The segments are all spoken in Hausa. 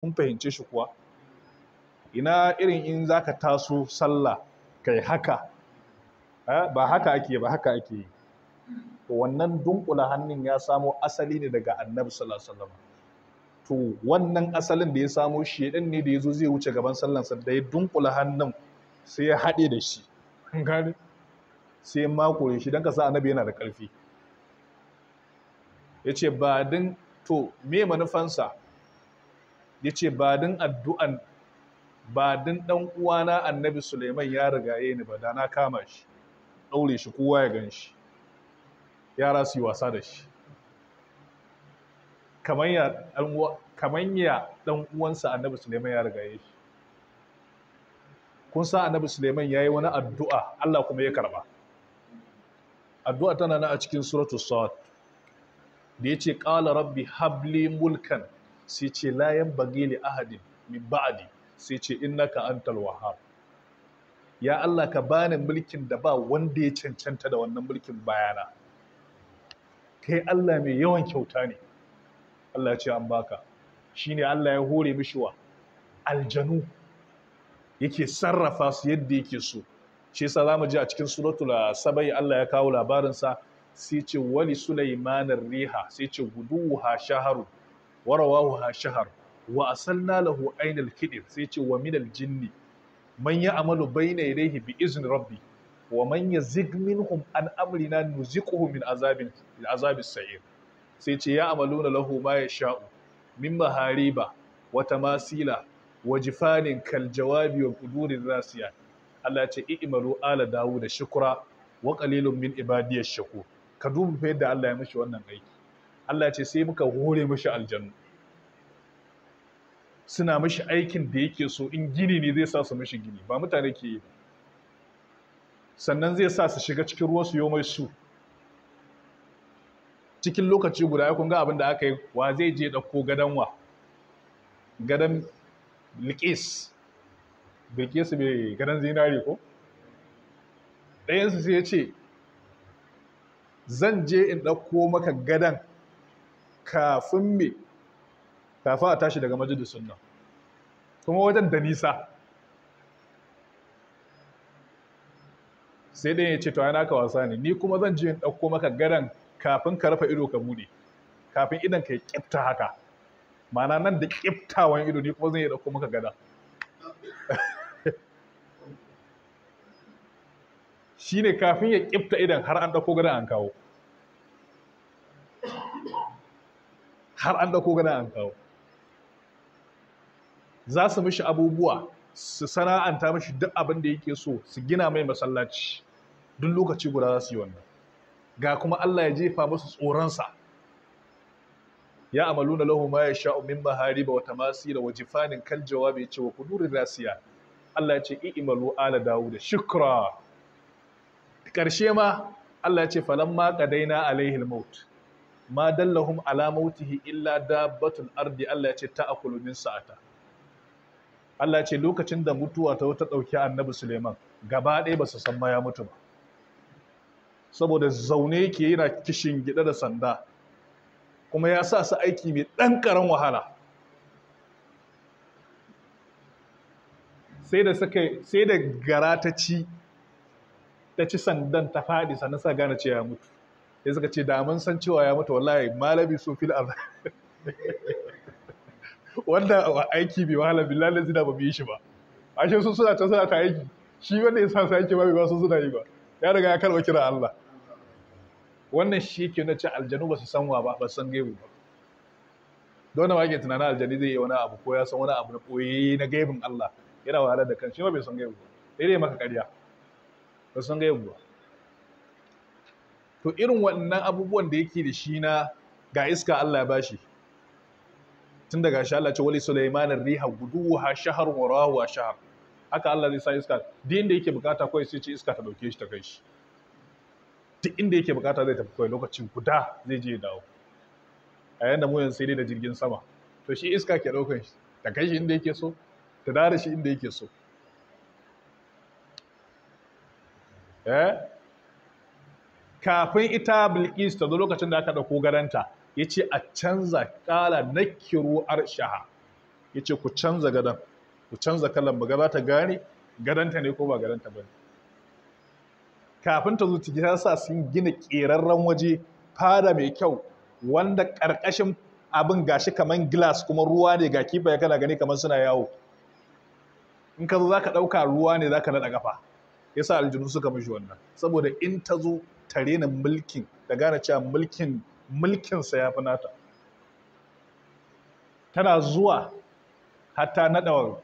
kun fahimce shi kuwa ina irin in za ka taso sallah kai haka ba haka ake ba haka ake yi wannan dunkula hannun ya samo asali ne daga annabi sallallahu to wannan asalin da ya samo shi ɗin ne da ya zo zai wuce gaban sallansa da ya dunkula hannun sai ya haɗe da shi sai makure shi don kasa annabi yana da ƙarfi ya ce ba din to me manufansa ya ce ba din addu'an ba din ɗan uwana annabi suleiman ya rigaye ni ba da na kama shi ɗaure shi kowa ya gan shi yara su yi wasa da shi kamar ya ɗan uwansa annabi suleiman ya rigaye shi kun sa annabi suleiman ya yi wani addu'a allah kuma ya karba addu'a tana na a cikin suratu sa'ad da ya ce ƙala rabbi habli mulkan sai ce layan bagili ahadin min ba'adi sai ce innaka antal wahhab ya Allah ka bani mulkin da ba wanda ya cancanta da wannan mulkin bayana kai Allah mai yawan kyauta ne Allah ce an baka shine Allah ya hore mishi wa aljanu yake sarrafa su yadda yake so shi yasa zamu ji a cikin suratul sabai Allah ya kawo labarin sa sai ce wali sulaimanar riha sai ce guduha shaharu wa rawahu shahar wa asalna lahu ainal kidir sai ce wa minal jinni man ya'malu bayna yadayhi bi izni rabbi wa man yazig minhum an amrina nuziquhu min azabin azabis sa'ir sai ce amaluna lahu ma yasha'u min mahariba wa tamasila wa jifanin kal jawabi wa qudurir rasiyat Allah ce i'malu ala dawuda shukra wa qalilun min ibadiyash shaku. ka duba fa yadda Allah ya mishi wannan aiki Allah ce sai muka hore mishi aljannu suna mishi aikin da yake so in gini ne zai sa su mishi gini ba mutane ke yi sannan zai sa su shiga cikin ruwan su yomai mai su cikin lokaci guda ya kunga abin da aka yi wa zai je dauko gadan wa gadon likis bilkisu mai gadon zinari ko ɗayansu sai ya ce zan je in ɗauko maka gadan kafin me kafin a tashi daga Majidu Sunna, kuma wajen da nisa sai ɗaya ya ce to yana ka wasa ne ni kuma zan ji yin ɗauko maka garan kafin ka rufe ido ka buɗe kafin idan ka yi ƙifta haka ma'ana nan da wani ido ni kuma zan yi ɗauko maka gada shi ne kafin ya ƙifta idan har an ɗauko gada an kawo har an dauko gana an kawo za su mishi abubuwa su sana'anta mishi duk abin da yake so su gina mai masallaci duk lokaci guda za su yi wannan ga kuma Allah ya jefa musu tsoronsa ya amaluna lahu ma ya sha'u min mahariba wa tamasira da wajifanin kan jawabi ce wa kudurin rasiya Allah ya ce i'malu ala da shukra karshe ma Allah ya ce falamma qadaina alaihi al ma dallahum ala mautihi illa dabbatul ardi Allah ya ce akulu min sa'ata Allah ya ce lokacin da mutuwa ta wata dauki Annabi Suleiman gaba ɗaya ba su san ma ya mutu ba saboda zaune yake yana kishin gida da sanda kuma ya sa su aiki mai ɗan karan wahala sai da suka sai da gara ta ci ta ci sandan ta faɗi sannan sa gane cewa ya mutu ya suka ce da mun san cewa ya mutu wallahi malami su fil arz wanda aiki bai wahala billahi lazi zina ba bi shi ba ashe sun suna ta suna ta aiki shi wanda ya sa sa yake ba bai ba sun suna yi ba ya riga ya karba kira Allah wannan shi ke na ce aljanu ba su san wa ba ba san gaibu ba don na ke tunanin aljani zai yi wani abu ko ya san wani abu na koyi na gaibin Allah yana wahalar da kan shi ba bai san gaibu ba dai maka karya ba san gaibu ba to irin waɗannan abubuwan da yake da shi na ga iska Allah ya bashi tun daga shi Allah ce wali sulaimanin riha ha shahar wa rawa shahar haka Allah zai sa iska duk inda yake bukata kawai sai ce iska ta dauke shi ta kai shi duk inda yake bukata zai tafi kawai lokacin guda zai je ya dawo a yanda mu yanzu sai dai da jirgin sama to shi iska ke daukan shi ta kai shi inda yake so ta dare shi inda yake so eh kafin ita bilkis ta zo lokacin da aka dauko gadonta ya ce a canza kala na kiru arshaha ya ce ku canza gadon ku canza kalan ba za ta gane gadonta ne ko ba gadanta ba ne kafin ta zo ciki ta sa sun gina ƙerarren waje fada mai kyau wanda ƙarƙashin abin gashi kamar glass kuma ruwa ne ga kifaye kana gani kamar suna yawo in ka zo za ka ɗauka ruwa ne za ka naɗa ƙafa yasa aljanu suka mishi wannan saboda in ta zo tare na mulkin da gane cewa mulkin mulkinsa ya fi nata tana zuwa hatta naɗa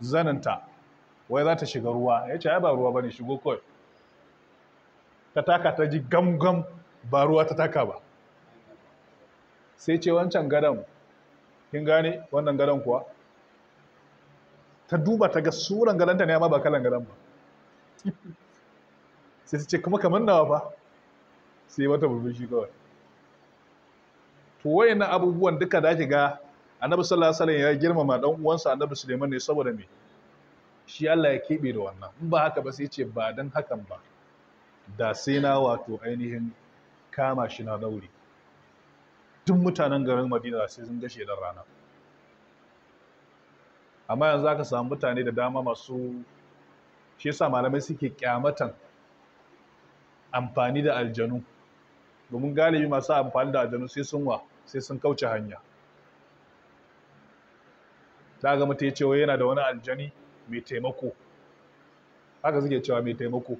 zananta wai za ta shiga ruwa ya ce ba ruwa ba ne shigo kawai ta taka ta ji gamgam ba ruwa ta taka ba sai ce wancan gadon kin gane wannan gadon kuwa ta duba ta ga suran gadonta ne amma ba kalan gadon ba sai su ce kuma kamar nawa ba sai wata shi kawai to na abubuwan duka da ga annabi sallallahu alaihi wasallam ya girmama dan uwansa annabi Suleiman ne saboda mai. shi Allah ya kebe da wannan in ba haka ba sai ce ba dan hakan ba da sai na wato ainihin kama shi na daure duk mutanen garin Madina sai sun gashe dan rana amma yanzu aka samu mutane da dama masu shi yasa malamai suke kyamatan amfani da aljanu domin galibi masu amfani da aljanu sai sun wa sai sun kauce hanya ta ga mutu ya cewa yana da wani aljani mai taimako haka suke cewa mai taimako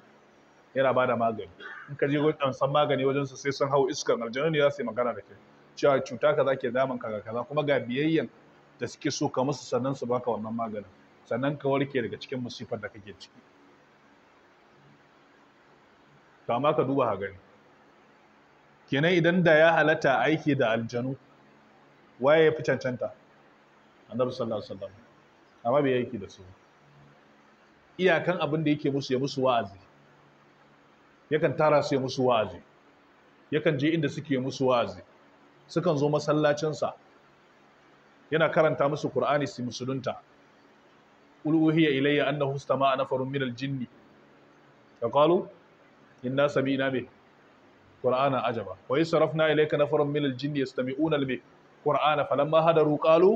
yana ba da magani in ka je an san magani wajen su sai sun hau iskar aljanu ne za su yi magana da ke. cewa cuta kaza ke damanka ga kaza kuma ga biyayyan da suke so ka musu sannan su baka wannan maganin sannan ka warke daga cikin musifar da kake ciki to amma ka duba ha gani kenan idan da ya halatta aiki da aljanu waye ya fi cancanta annabi sallallahu alaihi wasallam amma bai aiki da su iyakan abin da yake musu ya musu wa'azi yakan tara su ya musu wa'azi yakan je inda suke musu wa'azi sukan zo masallacinsa yana karanta musu Kur'ani su musulunta qul uhiya ilayya annahu istama'a nafarun minal jinni فقالوا إنا سمعنا na قرآن عجبا وإذ صرفنا إليك نفر من الجن يستمعون القرآن فلما هدروا قالوا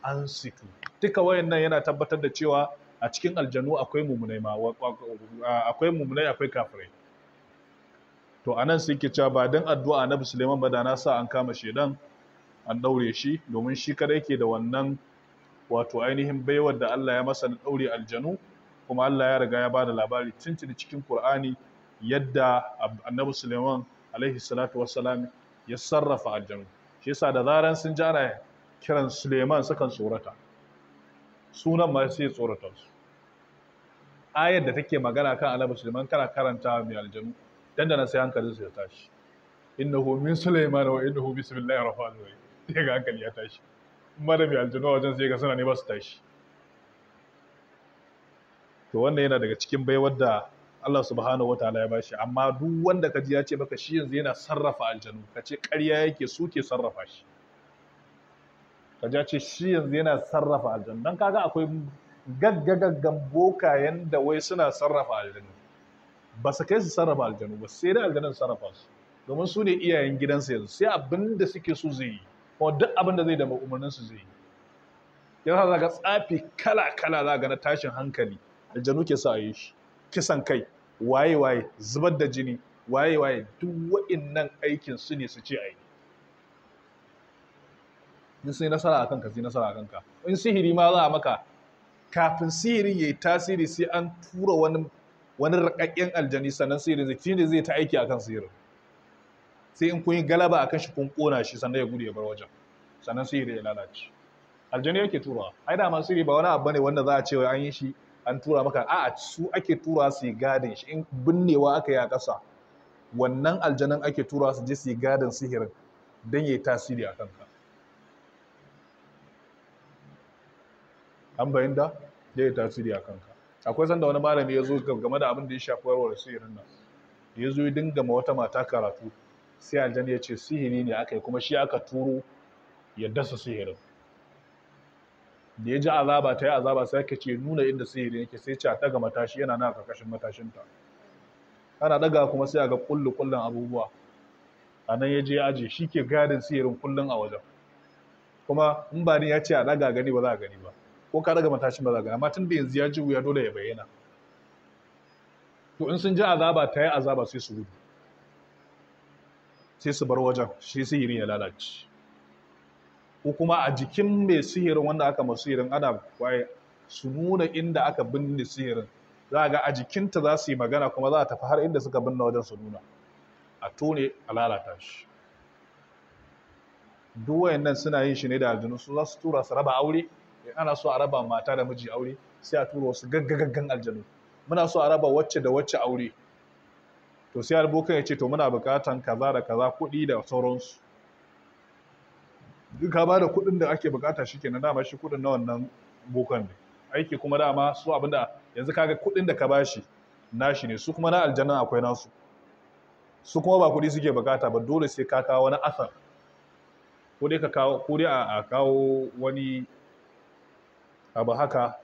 أنصتوا duka wayannan yana tabbatar da cewa a cikin aljanu akwai mummunai ma akwai mumunai akwai kafirai to anan su ke cewa ba dan addu'a Annabi Suleiman ba da na sa an kama shedan an daure shi domin shi kada yake da wannan wato ainihin baiwar da Allah ya masa na ɗaure aljanu kuma Allah ya riga ya ba da labari tuntuni cikin Kur'ani yadda annabi Suleiman alaihi salatu wassalam ya sarrafa aljanu shi yasa da zaran sun jana kiran Suleiman sukan tsorata sunan ma sai tsorata su ayar da take magana kan annabi Suleiman kana karanta mai aljanu dandana sai hankalinsu ya tashi innahu min Suleiman wa innahu bismillahir rahmanir rahim sai ga hankali ya tashi mara mai aljanu wajen sai ga suna ne ba tashi to wannan yana daga cikin baiwar da Allah subhanahu wa ta'ala ya bashi amma duk wanda kaji ya ce maka shi yanzu yana sarrafa aljanu kace ƙarya yake su ke sarrafa shi kaji ya ce shi yanzu yana sarrafa aljanu dan kaga akwai gaggagaggan bokayen da wai suna sarrafa aljanu ba su kai su sarrafa aljanu ba sai da aljanun sarrafa su domin su ne iyayen gidansa yanzu sai abin da suke so zai yi kuma duk abin da zai da umarninsu su zai yi yasa zaka tsafi kala kala za ga na tashin hankali aljanu ke sa yi shi kisan kai waye waye zubar da jini waye waye duk wa'innan aikin su ne su ce a yi in sai nasara a kanka sai nasara a kanka in sihiri ma za a maka kafin sihiri ya yi tasiri sai an tura wani wani rakakken aljani sannan sihirin zai ne zai ta aiki akan sihirin sai in kun yi galaba a shi kun kona shi sannan ya gudu ya bar wajen sannan sihiri ya lalace aljanu yake turawa ai da masu sihiri ba wani abu ne wanda za a ce an yi shi an tura maka a'a su ake tura su yi gadin shi in binnewa aka yi a ƙasa wannan aljanan ake tura su je su yi gadin sihirin don yi tasiri a kanka an bayin da ya yi tasiri a kanka akwai sanda wani malami ya zo game da abin da ya shafi warware sihirin nan ya zo ya dinga ma wata mata karatu sai aljanna ya ce sihiri ne aka yi kuma shi aka turo ya dasa sihirin da ya ji azaba ta yi azaba sai ka ce nuna inda sihiri yake sai ce a daga matashi yana na karkashin matashinta ana daga kuma sai a ga kullu kullun abubuwa a nan ya je aji shi ke gadin sihirin kullun a wajen kuma in ba ni ya ce a daga gani ba za a gani ba ko ka daga matashin ba za a gani amma tun da yanzu ya ji wuya dole ya bayyana to in sun ji azaba ta yi azaba sai su gudu sai su bar wajen shi sihirin ya lalace ko kuma a jikin mai sihirin wanda aka masu sihirin ana waye su nuna inda aka binne sihirin za ga a jikinta za su yi magana kuma za a tafi har inda suka binne wajen su nuna a tone a lalata shi duk wayannan suna yin shi ne da aljanu su za su tura su raba aure ana so a raba mata da miji aure sai a tura wasu gaggagaggan aljanu muna so a raba wacce da wacce aure to sai albokan ya ce to muna bukatan kaza da kaza kuɗi da sauransu duk ka ba da kuɗin da ake bukata shi kenan dama shi kudin na wannan bokan ne aiki kuma dama su abinda yanzu kaga kuɗin da ka bashi nashi ne su kuma na aljannan akwai nasu su kuma ba kuɗi suke bukata ba dole sai ka kawo wani asar ko dai ka kawo ko dai a kawo wani abu haka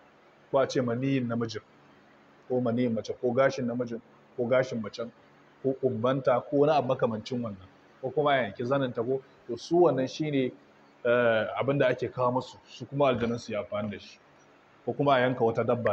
ko a ce maniyin namijin ko maniyin mace ko gashin namijin ko gashin macen ko kumbanta ko wani abu makamancin wannan ko kuma ya yanki zananta ko to su wannan shine eh, abin da ake kawo musu su kuma aljanun su ya amfani da shi ko kuma a yanka wata dabba